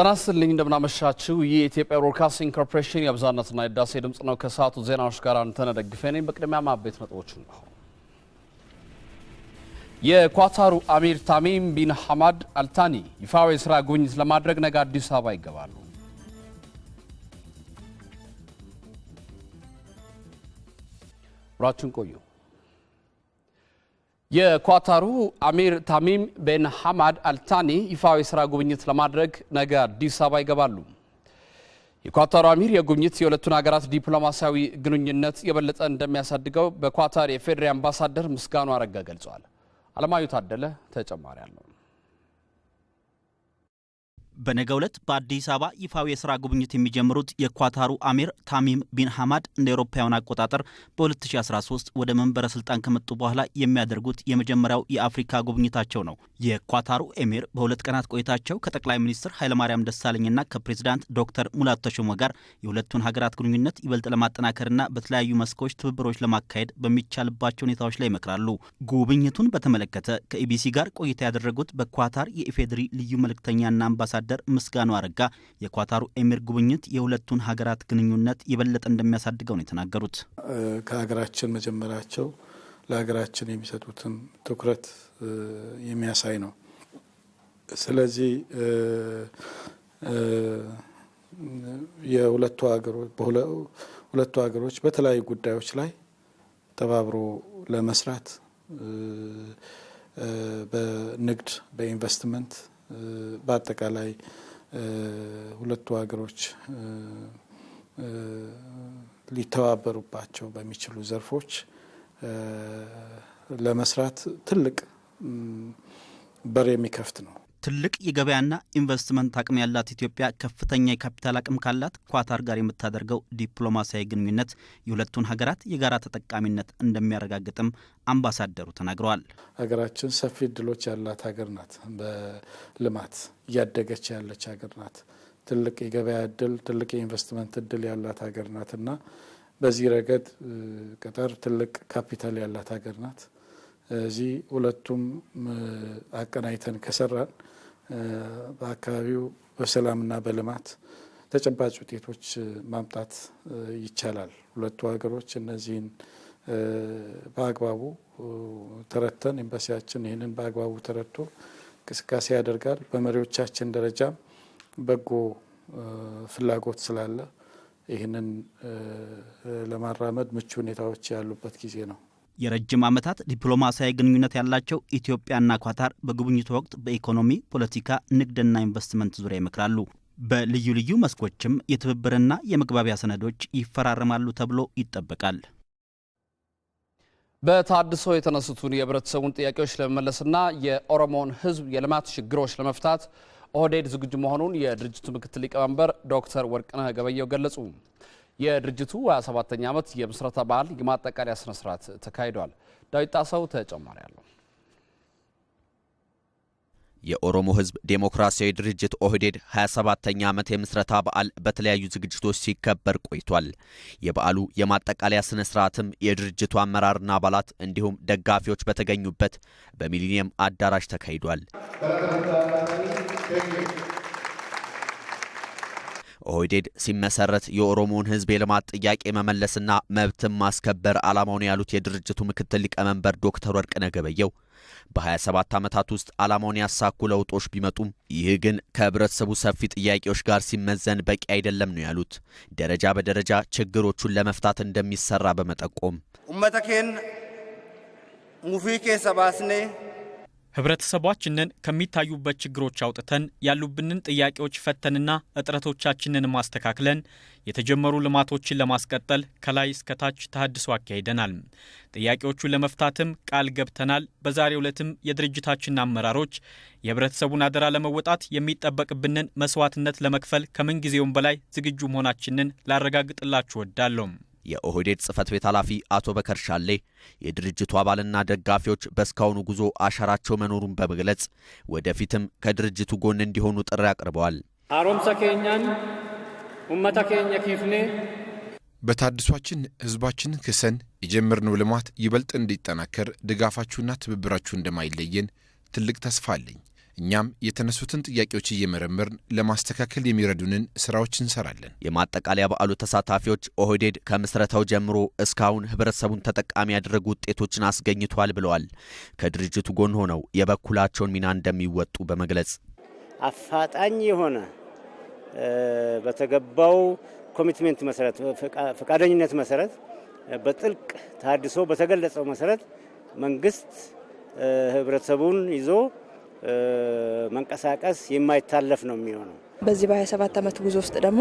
ጤና ይስጥልኝ እንደምናመሻችው ይህ የኢትዮጵያ ብሮድካስቲንግ ኮርፖሬሽን የአብዛነትና የዳሴ ድምጽ ነው። ከሰዓቱ ዜናዎች ጋር አንተነ ደግፌ ነኝ። በቅድሚያ ማቤት ነጥቦች ነው። የኳታሩ አሚር ታሚም ቢን ሐማድ አልታኒ ይፋዊ የስራ ጉብኝት ለማድረግ ነገ አዲስ አበባ ይገባሉ። አብራችሁን ቆዩ። የኳታሩ አሚር ታሚም ቤን ሐማድ አልታኒ ይፋዊ ስራ ጉብኝት ለማድረግ ነገ አዲስ አበባ ይገባሉ። የኳታሩ አሚር የጉብኝት የሁለቱን ሀገራት ዲፕሎማሲያዊ ግንኙነት የበለጠ እንደሚያሳድገው በኳታር የፌዴራል አምባሳደር ምስጋኑ አረጋ ገልጿል። አለማዩ ታደለ ተጨማሪ አለው። በነገ ዕለት በአዲስ አበባ ይፋዊ የስራ ጉብኝት የሚጀምሩት የኳታሩ አሚር ታሚም ቢን ሐማድ እንደ ኤሮፓውያን አቆጣጠር በ2013 ወደ መንበረ ስልጣን ከመጡ በኋላ የሚያደርጉት የመጀመሪያው የአፍሪካ ጉብኝታቸው ነው። የኳታሩ ኤሚር በሁለት ቀናት ቆይታቸው ከጠቅላይ ሚኒስትር ኃይለማርያም ደሳለኝና ከፕሬዚዳንት ዶክተር ሙላቱ ተሾመ ጋር የሁለቱን ሀገራት ግንኙነት ይበልጥ ለማጠናከርና በተለያዩ መስኮች ትብብሮች ለማካሄድ በሚቻልባቸው ሁኔታዎች ላይ ይመክራሉ። ጉብኝቱን በተመለከተ ከኢቢሲ ጋር ቆይታ ያደረጉት በኳታር የኢፌዴሪ ልዩ መልእክተኛና አምባሳደር አምባሳደር ምስጋኑ አረጋ የኳታሩ ኤሚር ጉብኝት የሁለቱን ሀገራት ግንኙነት የበለጠ እንደሚያሳድገው ነው የተናገሩት። ከሀገራችን መጀመራቸው ለሀገራችን የሚሰጡትን ትኩረት የሚያሳይ ነው። ስለዚህ የሁለቱ ሀገሮች ሁለቱ ሀገሮች በተለያዩ ጉዳዮች ላይ ተባብሮ ለመስራት በንግድ፣ በኢንቨስትመንት በአጠቃላይ ሁለቱ ሀገሮች ሊተባበሩባቸው በሚችሉ ዘርፎች ለመስራት ትልቅ በር የሚከፍት ነው። ትልቅ የገበያና ኢንቨስትመንት አቅም ያላት ኢትዮጵያ ከፍተኛ የካፒታል አቅም ካላት ኳታር ጋር የምታደርገው ዲፕሎማሲያዊ ግንኙነት የሁለቱን ሀገራት የጋራ ተጠቃሚነት እንደሚያረጋግጥም አምባሳደሩ ተናግረዋል። ሀገራችን ሰፊ እድሎች ያላት ሀገር ናት። በልማት እያደገች ያለች ሀገር ናት። ትልቅ የገበያ እድል፣ ትልቅ የኢንቨስትመንት እድል ያላት ሀገር ናት እና በዚህ ረገድ ቀጠር ትልቅ ካፒታል ያላት ሀገር ናት። እዚህ ሁለቱም አቀናይተን ከሰራን በአካባቢው በሰላምና በልማት ተጨባጭ ውጤቶች ማምጣት ይቻላል። ሁለቱ ሀገሮች እነዚህን በአግባቡ ተረተን ኤምባሲያችን ይህንን በአግባቡ ተረድቶ እንቅስቃሴ ያደርጋል። በመሪዎቻችን ደረጃም በጎ ፍላጎት ስላለ ይህንን ለማራመድ ምቹ ሁኔታዎች ያሉበት ጊዜ ነው። የረጅም ዓመታት ዲፕሎማሲያዊ ግንኙነት ያላቸው ኢትዮጵያና ኳታር በጉብኝቱ ወቅት በኢኮኖሚ፣ ፖለቲካ፣ ንግድና ኢንቨስትመንት ዙሪያ ይመክራሉ። በልዩ ልዩ መስኮችም የትብብርና የመግባቢያ ሰነዶች ይፈራረማሉ ተብሎ ይጠበቃል። በታድሶ የተነሱትን የህብረተሰቡን ጥያቄዎች ለመመለስና የኦሮሞን ህዝብ የልማት ችግሮች ለመፍታት ኦህዴድ ዝግጁ መሆኑን የድርጅቱ ምክትል ሊቀመንበር ዶክተር ወርቅነህ ገበየው ገለጹ። የድርጅቱ 27ኛ ዓመት የምስረታ በዓል የማጠቃለያ ስነ ስርዓት ተካሂዷል። ዳዊት ጣሰው ተጨማሪ አለው። የኦሮሞ ህዝብ ዴሞክራሲያዊ ድርጅት ኦህዴድ 27 ተኛ ዓመት የምስረታ በዓል በተለያዩ ዝግጅቶች ሲከበር ቆይቷል። የበዓሉ የማጠቃለያ ስነ ስርዓትም የድርጅቱ አመራርና አባላት እንዲሁም ደጋፊዎች በተገኙበት በሚሊኒየም አዳራሽ ተካሂዷል። ኦህዴድ ሲመሰረት የኦሮሞውን ህዝብ የልማት ጥያቄ መመለስና መብትን ማስከበር ነው ያሉት የድርጅቱ ምክትል ሊቀመንበር ዶክተር ወርቅነህ ነገበየው በ27 ዓመታት ውስጥ ዓላማውን ያሳኩ ለውጦች ቢመጡም ይህ ግን ከህብረተሰቡ ሰፊ ጥያቄዎች ጋር ሲመዘን በቂ አይደለም ነው ያሉት። ደረጃ በደረጃ ችግሮቹን ለመፍታት እንደሚሰራ በመጠቆም ሙፊ ህብረተሰባችንን ከሚታዩበት ችግሮች አውጥተን ያሉብንን ጥያቄዎች ፈተንና እጥረቶቻችንን ማስተካክለን የተጀመሩ ልማቶችን ለማስቀጠል ከላይ እስከታች ተሃድሶ አካሂደናል። ጥያቄዎቹን ለመፍታትም ቃል ገብተናል። በዛሬው ዕለትም የድርጅታችን አመራሮች የህብረተሰቡን አደራ ለመወጣት የሚጠበቅብንን መስዋዕትነት ለመክፈል ከምንጊዜውም በላይ ዝግጁ መሆናችንን ላረጋግጥላችሁ ወዳለሁ። የኦህዴድ ጽህፈት ቤት ኃላፊ አቶ በከር ሻሌ የድርጅቱ አባልና ደጋፊዎች በእስካሁኑ ጉዞ አሻራቸው መኖሩን በመግለጽ ወደፊትም ከድርጅቱ ጎን እንዲሆኑ ጥሪ አቅርበዋል። አሮምሰ ኬኛን ኡመተ ኬኛ ኪፍኔ በታድሷችን ህዝባችንን ክሰን የጀመርነው ልማት ይበልጥ እንዲጠናከር ድጋፋችሁና ትብብራችሁ እንደማይለየን ትልቅ ተስፋ አለኝ። እኛም የተነሱትን ጥያቄዎች እየመረመርን ለማስተካከል የሚረዱንን ስራዎች እንሰራለን። የማጠቃለያ በዓሉ ተሳታፊዎች ኦህዴድ ከምስረታው ጀምሮ እስካሁን ህብረተሰቡን ተጠቃሚ ያደረጉ ውጤቶችን አስገኝቷል ብለዋል። ከድርጅቱ ጎን ሆነው የበኩላቸውን ሚና እንደሚወጡ በመግለጽ አፋጣኝ የሆነ በተገባው ኮሚትሜንት መሰረት፣ ፈቃደኝነት መሰረት፣ በጥልቅ ታድሶ በተገለጸው መሰረት መንግስት ህብረተሰቡን ይዞ መንቀሳቀስ የማይታለፍ ነው የሚሆነው። በዚህ በ27 ዓመት ጉዞ ውስጥ ደግሞ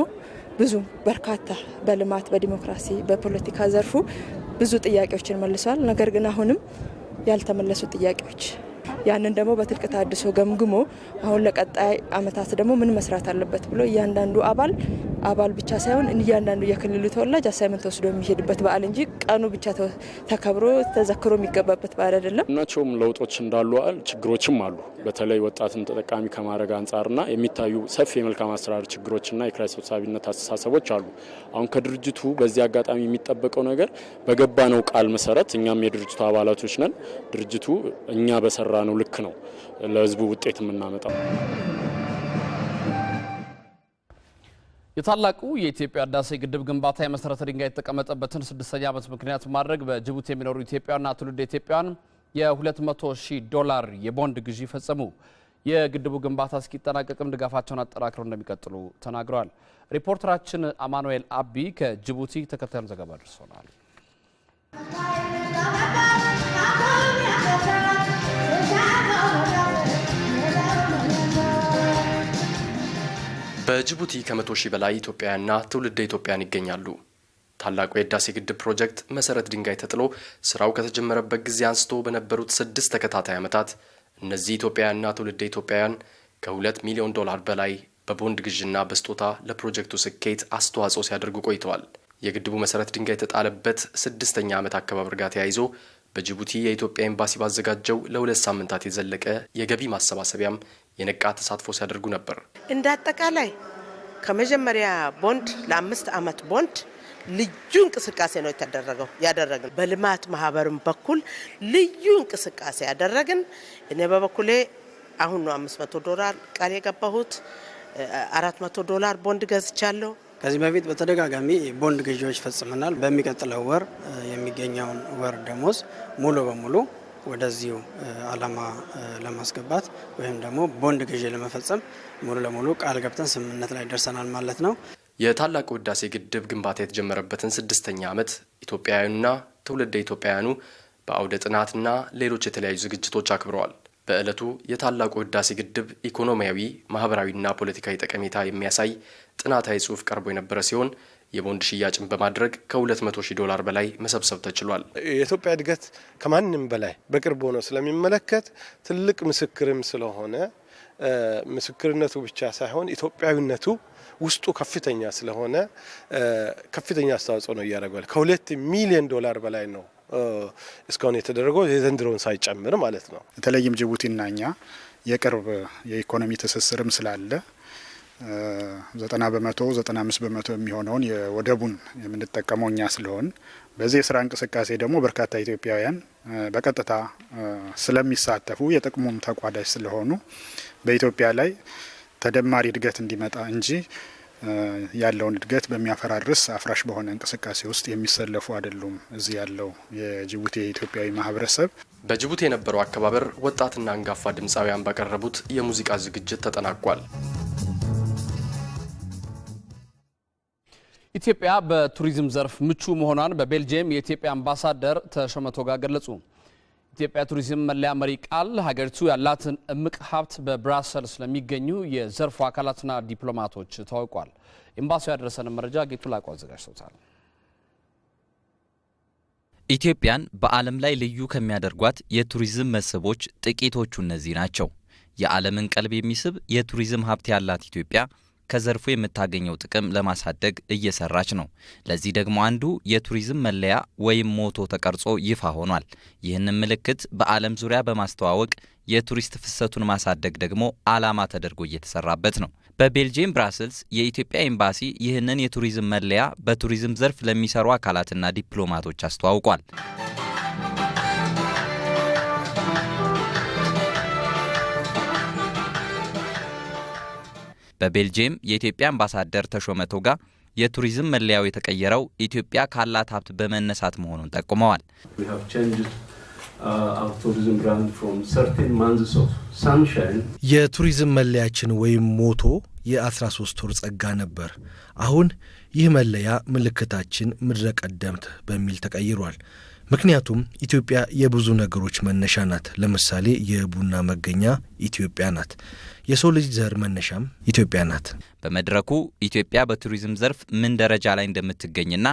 ብዙ በርካታ በልማት በዲሞክራሲ በፖለቲካ ዘርፉ ብዙ ጥያቄዎችን መልሷል። ነገር ግን አሁንም ያልተመለሱ ጥያቄዎች ያንን ደግሞ በትልቅ ታድሶ ገምግሞ አሁን ለቀጣይ አመታት ደግሞ ምን መስራት አለበት ብሎ እያንዳንዱ አባል አባል ብቻ ሳይሆን እያንዳንዱ የክልሉ ተወላጅ አሳይመንት ተወስዶ የሚሄድበት በዓል እንጂ ቀኑ ብቻ ተከብሮ ተዘክሮ የሚገባበት በዓል አይደለም። እናቸውም ለውጦች እንዳሉ አል ችግሮችም አሉ። በተለይ ወጣትን ተጠቃሚ ከማድረግ አንጻርና የሚታዩ ሰፊ የመልካም አሰራር ችግሮችና የኪራይ ሰብሳቢነት አስተሳሰቦች አሉ። አሁን ከድርጅቱ በዚህ አጋጣሚ የሚጠበቀው ነገር በገባ ነው ቃል መሰረት እኛም የድርጅቱ አባላቶች ነን። ድርጅቱ እኛ ነው ልክ ነው ለህዝቡ ውጤት የምናመጣው። የታላቁ የኢትዮጵያ ህዳሴ ግድብ ግንባታ የመሰረተ ድንጋይ የተቀመጠበትን ስድስተኛ ዓመት ምክንያት ማድረግ በጅቡቲ የሚኖሩ ኢትዮጵያውያንና ትውልደ ኢትዮጵያውያን የ200 ሺህ ዶላር የቦንድ ግዢ ፈጸሙ። የግድቡ ግንባታ እስኪጠናቀቅም ድጋፋቸውን አጠናክረው እንደሚቀጥሉ ተናግረዋል። ሪፖርተራችን አማኑኤል አቢ ከጅቡቲ ተከታዩን ዘገባ ደርሶናል። በጅቡቲ ከመቶ ሺህ በላይ ኢትዮጵያውያንና ትውልደ ኢትዮጵያውያን ይገኛሉ። ታላቁ የህዳሴ ግድብ ፕሮጀክት መሰረት ድንጋይ ተጥሎ ስራው ከተጀመረበት ጊዜ አንስቶ በነበሩት ስድስት ተከታታይ ዓመታት እነዚህ ኢትዮጵያውያንና ትውልደ ኢትዮጵያውያን ከሁለት ሚሊዮን ዶላር በላይ በቦንድ ግዥና በስጦታ ለፕሮጀክቱ ስኬት አስተዋጽኦ ሲያደርጉ ቆይተዋል። የግድቡ መሰረት ድንጋይ የተጣለበት ስድስተኛ ዓመት አከባበር ጋር ተያይዞ በጅቡቲ የኢትዮጵያ ኤምባሲ ባዘጋጀው ለሁለት ሳምንታት የዘለቀ የገቢ ማሰባሰቢያም የነቃ ተሳትፎ ሲያደርጉ ነበር። እንደ አጠቃላይ ከመጀመሪያ ቦንድ ለአምስት ዓመት ቦንድ ልዩ እንቅስቃሴ ነው የተደረገው ያደረግን በልማት ማህበርም በኩል ልዩ እንቅስቃሴ ያደረግን። እኔ በበኩሌ አሁን ነው አምስት መቶ ዶላር ቃል የገባሁት አራት መቶ ዶላር ቦንድ ገዝቻለሁ። ከዚህ በፊት በተደጋጋሚ ቦንድ ግዢዎች ፈጽመናል። በሚቀጥለው ወር የሚገኘውን ወር ደሞዝ ሙሉ በሙሉ ወደዚሁ አላማ ለማስገባት ወይም ደግሞ ቦንድ ግዢ ለመፈጸም ሙሉ ለሙሉ ቃል ገብተን ስምምነት ላይ ደርሰናል ማለት ነው። የታላቁ ህዳሴ ግድብ ግንባታ የተጀመረበትን ስድስተኛ ዓመት ኢትዮጵያውያኑና ትውልደ ኢትዮጵያውያኑ በአውደ ጥናትና ሌሎች የተለያዩ ዝግጅቶች አክብረዋል። በዕለቱ የታላቁ ህዳሴ ግድብ ኢኮኖሚያዊ፣ ማህበራዊና ፖለቲካዊ ጠቀሜታ የሚያሳይ ጥናታዊ ጽሑፍ ቀርቦ የነበረ ሲሆን የቦንድ ሽያጭን በማድረግ ከ200 ሺህ ዶላር በላይ መሰብሰብ ተችሏል። የኢትዮጵያ እድገት ከማንም በላይ በቅርብ ሆኖ ስለሚመለከት ትልቅ ምስክርም ስለሆነ ምስክርነቱ ብቻ ሳይሆን ኢትዮጵያዊነቱ ውስጡ ከፍተኛ ስለሆነ ከፍተኛ አስተዋጽኦ ነው እያደረገል። ከሁለት ሚሊዮን ዶላር በላይ ነው እስካሁን የተደረገው የዘንድሮውን ሳይጨምር ማለት ነው። በተለይም ጅቡቲና እኛ የቅርብ የኢኮኖሚ ትስስርም ስላለ ዘጠና በመቶ ዘጠና አምስት በመቶ የሚሆነውን የወደቡን የምንጠቀመው እኛ ስለሆን በዚህ የስራ እንቅስቃሴ ደግሞ በርካታ ኢትዮጵያውያን በቀጥታ ስለሚሳተፉ የጥቅሙም ተቋዳጅ ስለሆኑ በኢትዮጵያ ላይ ተደማሪ እድገት እንዲመጣ እንጂ ያለውን እድገት በሚያፈራርስ አፍራሽ በሆነ እንቅስቃሴ ውስጥ የሚሰለፉ አይደሉም። እዚህ ያለው የጅቡቲ የኢትዮጵያዊ ማህበረሰብ በጅቡቲ የነበረው አከባበር ወጣትና አንጋፋ ድምፃውያን ባቀረቡት የሙዚቃ ዝግጅት ተጠናቋል። ኢትዮጵያ በቱሪዝም ዘርፍ ምቹ መሆኗን በቤልጅየም የኢትዮጵያ አምባሳደር ተሾመ ቶጋ ገለጹ። ኢትዮጵያ ቱሪዝም መለያ መሪ ቃል ሀገሪቱ ያላትን እምቅ ሀብት በብራሰልስ ለሚገኙ የዘርፉ አካላትና ዲፕሎማቶች ታውቋል። ኤምባሲው ያደረሰን መረጃ ጌቱ ላቁ አዘጋጅቶታል። ኢትዮጵያን በዓለም ላይ ልዩ ከሚያደርጓት የቱሪዝም መስህቦች ጥቂቶቹ እነዚህ ናቸው። የዓለምን ቀልብ የሚስብ የቱሪዝም ሀብት ያላት ኢትዮጵያ ከዘርፉ የምታገኘው ጥቅም ለማሳደግ እየሰራች ነው። ለዚህ ደግሞ አንዱ የቱሪዝም መለያ ወይም ሞቶ ተቀርጾ ይፋ ሆኗል። ይህንን ምልክት በዓለም ዙሪያ በማስተዋወቅ የቱሪስት ፍሰቱን ማሳደግ ደግሞ ዓላማ ተደርጎ እየተሰራበት ነው። በቤልጅየም ብራስልስ የኢትዮጵያ ኤምባሲ ይህንን የቱሪዝም መለያ በቱሪዝም ዘርፍ ለሚሰሩ አካላትና ዲፕሎማቶች አስተዋውቋል። በቤልጅየም የኢትዮጵያ አምባሳደር ተሾመ ቶጋ የቱሪዝም መለያው የተቀየረው ኢትዮጵያ ካላት ሀብት በመነሳት መሆኑን ጠቁመዋል። uh, የቱሪዝም መለያችን ወይም ሞቶ የ13 ወር ጸጋ ነበር። አሁን ይህ መለያ ምልክታችን ምድረ ቀደምት በሚል ተቀይሯል። ምክንያቱም ኢትዮጵያ የብዙ ነገሮች መነሻ ናት። ለምሳሌ የቡና መገኛ ኢትዮጵያ ናት። የሰው ልጅ ዘር መነሻም ኢትዮጵያ ናት። በመድረኩ ኢትዮጵያ በቱሪዝም ዘርፍ ምን ደረጃ ላይ እንደምትገኝና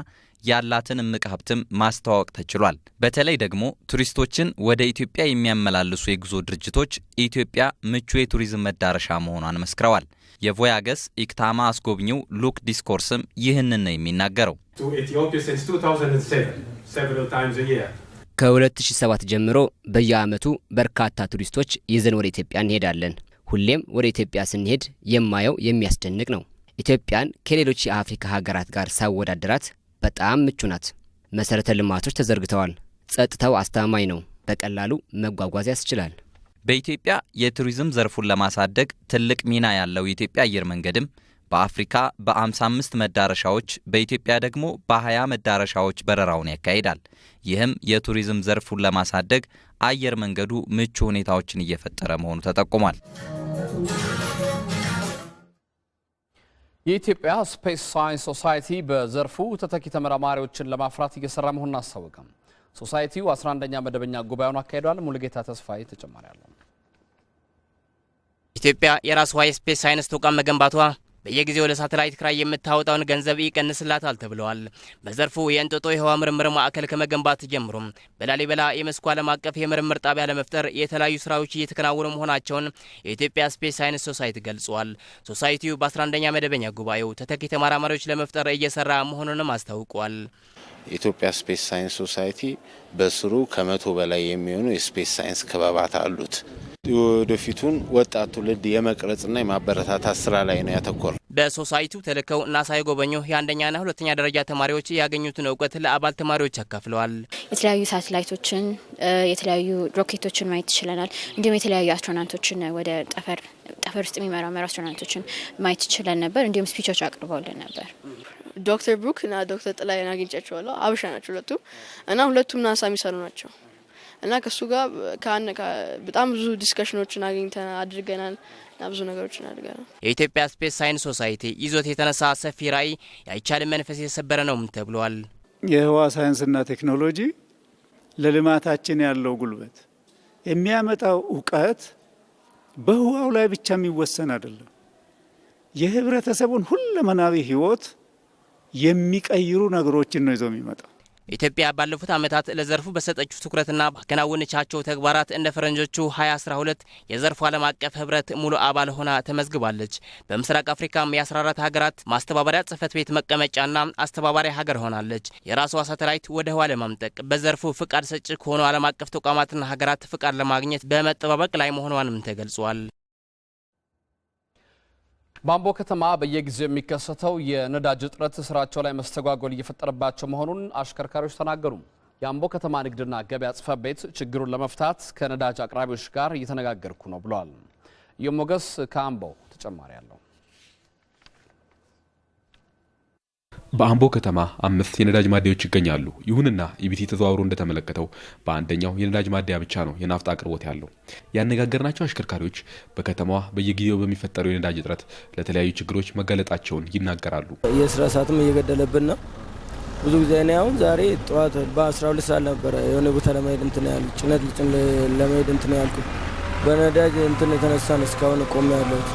ያላትን እምቅ ሀብትም ማስተዋወቅ ተችሏል። በተለይ ደግሞ ቱሪስቶችን ወደ ኢትዮጵያ የሚያመላልሱ የጉዞ ድርጅቶች ኢትዮጵያ ምቹ የቱሪዝም መዳረሻ መሆኗን መስክረዋል። የቮያገስ ኢክታማ አስጎብኚው ሉክ ዲስኮርስም ይህንን ነው የሚናገረው። ከ2007 ጀምሮ በየዓመቱ በርካታ ቱሪስቶች ይዘን ወደ ኢትዮጵያ እንሄዳለን። ሁሌም ወደ ኢትዮጵያ ስንሄድ የማየው የሚያስደንቅ ነው። ኢትዮጵያን ከሌሎች የአፍሪካ ሀገራት ጋር ሳወዳደራት በጣም ምቹ ናት። መሰረተ ልማቶች ተዘርግተዋል። ጸጥታው አስተማማኝ ነው። በቀላሉ መጓጓዝ ያስችላል። በኢትዮጵያ የቱሪዝም ዘርፉን ለማሳደግ ትልቅ ሚና ያለው የኢትዮጵያ አየር መንገድም በአፍሪካ በ55 መዳረሻዎች በኢትዮጵያ ደግሞ በ20 መዳረሻዎች በረራውን ያካሂዳል። ይህም የቱሪዝም ዘርፉን ለማሳደግ አየር መንገዱ ምቹ ሁኔታዎችን እየፈጠረ መሆኑ ተጠቁሟል። የኢትዮጵያ ስፔስ ሳይንስ ሶሳይቲ በዘርፉ ተተኪ ተመራማሪዎችን ለማፍራት እየሰራ መሆኑን አስታወቀም። ሶሳይቲው 11ኛ መደበኛ ጉባኤውን አካሂዷል። ሙሉጌታ ተስፋዬ ተጨማሪ አለው። ኢትዮጵያ የራስዋ የስፔስ ሳይንስ ተቋም መገንባቷ በየጊዜው ለሳተላይት ክራይ የምታወጣውን ገንዘብ ይቀንስላታል ተብለዋል። በዘርፉ የእንጦጦ የህዋ ምርምር ማዕከል ከመገንባት ጀምሮ በላሊበላ የመስኩ ዓለም አቀፍ የምርምር ጣቢያ ለመፍጠር የተለያዩ ስራዎች እየተከናወኑ መሆናቸውን የኢትዮጵያ ስፔስ ሳይንስ ሶሳይቲ ገልጿል። ሶሳይቲው በ11ኛ መደበኛ ጉባኤው ተተኪ ተመራማሪዎች ለመፍጠር እየሰራ መሆኑንም አስታውቋል። የኢትዮጵያ ስፔስ ሳይንስ ሶሳይቲ በስሩ ከመቶ በላይ የሚሆኑ የስፔስ ሳይንስ ክበባት አሉት። ወደፊቱን ወጣት ትውልድ የመቅረጽና የማበረታታት ስራ ላይ ነው ያተኮረ። በሶሳይቲው ተልከው ናሳ ሳይጎበኙ የአንደኛና ሁለተኛ ደረጃ ተማሪዎች ያገኙትን እውቀት ለአባል ተማሪዎች አካፍለዋል። የተለያዩ ሳትላይቶችን የተለያዩ ሮኬቶችን ማየት ይችለናል። እንዲሁም የተለያዩ አስትሮናንቶችን ወደ ጠፈር ጠፈር ውስጥ የሚመራመሩ አስትሮናንቶችን ማየት ይችለን ነበር። እንዲሁም ስፒቾች አቅርበውልን ነበር። ዶክተር ብሩክ እና ዶክተር ጥላዬን አግኝቻቸዋለሁ። አብሻ ናቸው ሁለቱም እና ሁለቱም ናሳ የሚሰሩ ናቸው። እና ከእሱ ጋር በጣም ብዙ ዲስከሽኖችን አግኝተን አድርገናል እና ብዙ ነገሮችን አድርገናል። የኢትዮጵያ ስፔስ ሳይንስ ሶሳይቲ ይዞት የተነሳ ሰፊ ራዕይ የአይቻልን መንፈስ የሰበረ ነውም ተብሏል። የህዋ ሳይንስና ቴክኖሎጂ ለልማታችን ያለው ጉልበት የሚያመጣው እውቀት በህዋው ላይ ብቻ የሚወሰን አይደለም። የህብረተሰቡን ሁለመናዊ ህይወት የሚቀይሩ ነገሮችን ነው ይዞ የሚመጣው። ኢትዮጵያ ባለፉት ዓመታት ለዘርፉ በሰጠችው ትኩረትና ባከናወነቻቸው ተግባራት እንደ ፈረንጆቹ 2012 የዘርፉ ዓለም አቀፍ ህብረት ሙሉ አባል ሆና ተመዝግባለች። በምስራቅ አፍሪካም የ14 ሀገራት ማስተባበሪያ ጽህፈት ቤት መቀመጫና አስተባባሪ ሀገር ሆናለች። የራሷ ሳተላይት ወደ ህዋ ለማምጠቅ በዘርፉ ፍቃድ ሰጪ ከሆኑ ዓለም አቀፍ ተቋማትና ሀገራት ፍቃድ ለማግኘት በመጠባበቅ ላይ መሆኗንም ተገልጿል። በአምቦ ከተማ በየጊዜው የሚከሰተው የነዳጅ እጥረት ስራቸው ላይ መስተጓጎል እየፈጠረባቸው መሆኑን አሽከርካሪዎች ተናገሩ። የአምቦ ከተማ ንግድና ገበያ ጽሕፈት ቤት ችግሩን ለመፍታት ከነዳጅ አቅራቢዎች ጋር እየተነጋገርኩ ነው ብለዋል። የሞገስ ከአምቦ ተጨማሪ አለው። በአምቦ ከተማ አምስት የነዳጅ ማደያዎች ይገኛሉ። ይሁንና ኢቢሲ ተዘዋውሮ እንደተመለከተው በአንደኛው የነዳጅ ማደያ ብቻ ነው የናፍጣ አቅርቦት ያለው። ያነጋገርናቸው አሽከርካሪዎች በከተማዋ በየጊዜው በሚፈጠረው የነዳጅ እጥረት ለተለያዩ ችግሮች መጋለጣቸውን ይናገራሉ። የስራ ሰዓትም እየገደለብን ነው። ብዙ ጊዜ ነው። አሁን ዛሬ ጠዋት በ12 ሰዓት ነበረ የሆነ ቦታ ለመሄድ እንትን ያሉ ጭነት ልጭን ለመሄድ እንትን ያልኩ በነዳጅ እንትን የተነሳን እስካሁን ቆሜ ያለሁት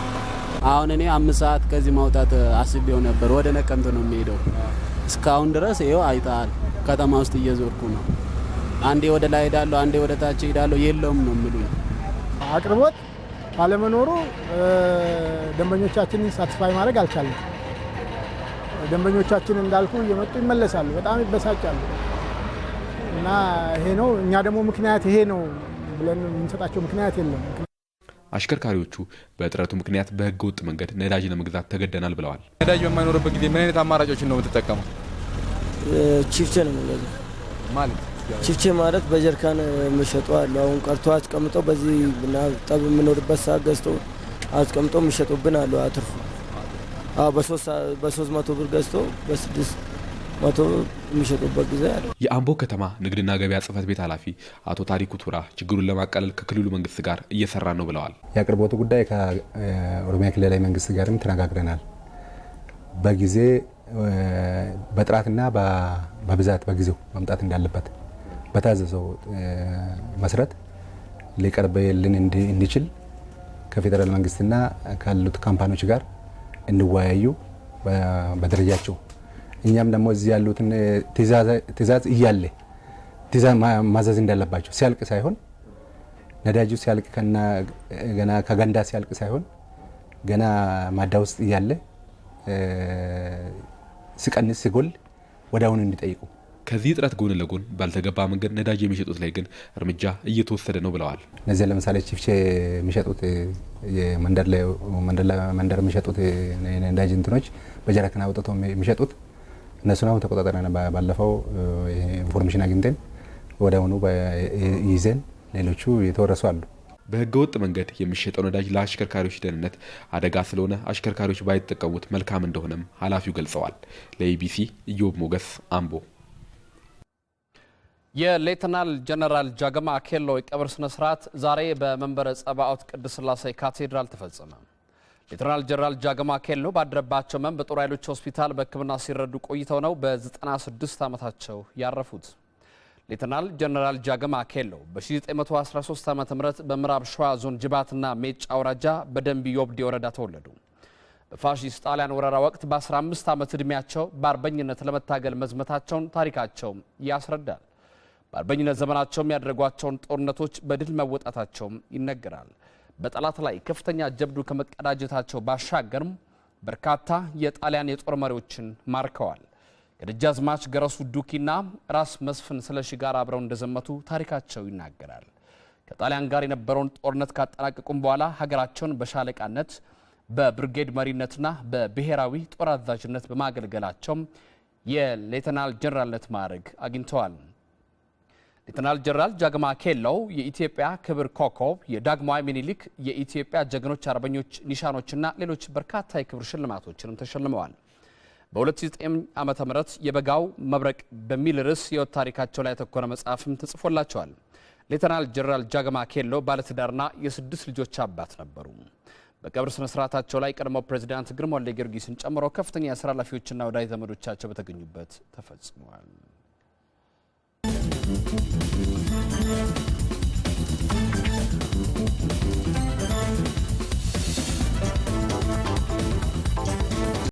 አሁን እኔ አምስት ሰዓት ከዚህ ማውጣት አስቤው ነበር። ወደ ነቀምት ነው የሚሄደው። እስካሁን ድረስ ይኸው አይተሃል፣ ከተማ ውስጥ እየዞርኩ ነው። አንዴ ወደ ላይ ሄዳለሁ፣ አንዴ ወደ ታች ሄዳለሁ። የለውም ነው የሚሉኝ። አቅርቦት ባለመኖሩ ደንበኞቻችንን ሳትስፋይ ማድረግ አልቻለም። ደንበኞቻችን እንዳልኩ እየመጡ ይመለሳሉ፣ በጣም ይበሳጫሉ። እና ይሄ ነው እኛ ደግሞ ምክንያት ይሄ ነው ብለን የምንሰጣቸው ምክንያት የለም። አሽከርካሪዎቹ በእጥረቱ ምክንያት በህገ ወጥ መንገድ ነዳጅ ለመግዛት ተገደናል ብለዋል። ነዳጅ በማይኖርበት ጊዜ ምን አይነት አማራጮችን ነው የምትጠቀመው? ቺፍቼ ነው የምንገዛው። ማለት ቺፍቼ ማለት በጀርካን የሚሸጡ አሉ። አሁን ቀርቶ አስቀምጠው በዚህ ጠብ የምኖርበት ሰዓት ገዝተው አስቀምጠው የሚሸጡብን አሉ። አትርፉ በሶስት መቶ ብር ገዝቶ በስድስት መቶ የሚሸጡበት ጊዜ አለ። የአምቦ ከተማ ንግድና ገበያ ጽህፈት ቤት ኃላፊ አቶ ታሪኩ ቱራ ችግሩን ለማቃለል ከክልሉ መንግስት ጋር እየሰራ ነው ብለዋል። የአቅርቦቱ ጉዳይ ከኦሮሚያ ክልላዊ መንግስት ጋርም ተነጋግረናል። በጊዜ በጥራትና በብዛት በጊዜው መምጣት እንዳለበት በታዘዘው መሰረት ሊቀርብልን እንዲችል ከፌዴራል መንግስትና ካሉት ካምፓኒዎች ጋር እንወያዩ በደረጃቸው እኛም ደግሞ እዚህ ያሉትን ትእዛዝ እያለ ትእዛዝ ማዘዝ እንዳለባቸው ሲያልቅ ሳይሆን ነዳጁ ሲያልቅ ገና ከገንዳ ሲያልቅ ሳይሆን ገና ማዳ ውስጥ እያለ ሲቀንስ ሲጎል ወደ እንዲጠይቁ ከዚህ ጥረት ጎን ለጎን ባልተገባ መንገድ ነዳጅ የሚሸጡት ላይ ግን እርምጃ እየተወሰደ ነው ብለዋል። እነዚህ ለምሳሌ ቺፍቼ የሚሸጡት መንደር የሚሸጡት ነዳጅ እንትኖች በጀረክና አውጥቶ የሚሸጡት እነሱን አሁን ተቆጣጠረን ባለፈው ኢንፎርሜሽን አግኝተን ወዲያውኑ ይዘን ሌሎቹ የተወረሱ አሉ። በህገ ወጥ መንገድ የሚሸጠው ነዳጅ ለአሽከርካሪዎች ደህንነት አደጋ ስለሆነ አሽከርካሪዎች ባይጠቀሙት መልካም እንደሆነም ኃላፊው ገልጸዋል። ለኢቢሲ ኢዮብ ሞገስ አምቦ። የሌተናል ጀነራል ጃገማ ኬሎ የቀብር ስነስርዓት ዛሬ በመንበረ ጸባኦት ቅድስት ስላሴ ካቴድራል ተፈጸመ። ሌተናል ጀነራል ጃገማ ኬሎ ባደረባቸው መም በጦር ኃይሎች ሆስፒታል በሕክምና ሲረዱ ቆይተው ነው በ96 ዓመታቸው ያረፉት። ሌተናል ጀነራል ጃገማ ኬሎ በ1913 ዓ ም በምዕራብ ሸዋ ዞን ጅባትና ሜጫ አውራጃ በደንቢ ዮብዴ ወረዳ ተወለዱ። በፋሺስት ጣሊያን ወረራ ወቅት በ15 ዓመት ዕድሜያቸው በአርበኝነት ለመታገል መዝመታቸውን ታሪካቸው ያስረዳል። በአርበኝነት ዘመናቸውም ያደረጓቸውን ጦርነቶች በድል መወጣታቸውም ይነገራል። በጠላት ላይ ከፍተኛ ጀብዱ ከመቀዳጀታቸው ባሻገርም በርካታ የጣሊያን የጦር መሪዎችን ማርከዋል። ከደጃዝማች ገረሱ ዱኪና ራስ መስፍን ስለሺ ጋር አብረው እንደዘመቱ ታሪካቸው ይናገራል። ከጣሊያን ጋር የነበረውን ጦርነት ካጠናቀቁም በኋላ ሀገራቸውን በሻለቃነት በብርጌድ መሪነትና በብሔራዊ ጦር አዛዥነት በማገልገላቸውም የሌተናል ጀኔራልነት ማዕረግ አግኝተዋል። ሌተናል ጀነራል ጃግማ ኬላው የኢትዮጵያ ክብር ኮከብ፣ የዳግማዊ ሚኒሊክ የኢትዮጵያ ጀግኖች አርበኞች ኒሻኖችና ሌሎች በርካታ የክብር ሽልማቶችንም ተሸልመዋል። በ2009 ዓ ም የበጋው መብረቅ በሚል ርዕስ የወት ታሪካቸው ላይ ያተኮረ መጽሐፍም ተጽፎላቸዋል። ሌተናል ጀነራል ጃግማ ኬሎ ባለትዳርና የስድስት ልጆች አባት ነበሩ። በቀብር ስነ ስርዓታቸው ላይ ቀድሞ ፕሬዚዳንት ግርማ ወልደ ጊዮርጊስን ጨምሮ ከፍተኛ የስራ ኃላፊዎችና ወዳጅ ዘመዶቻቸው በተገኙበት ተፈጽሟል። Thank you.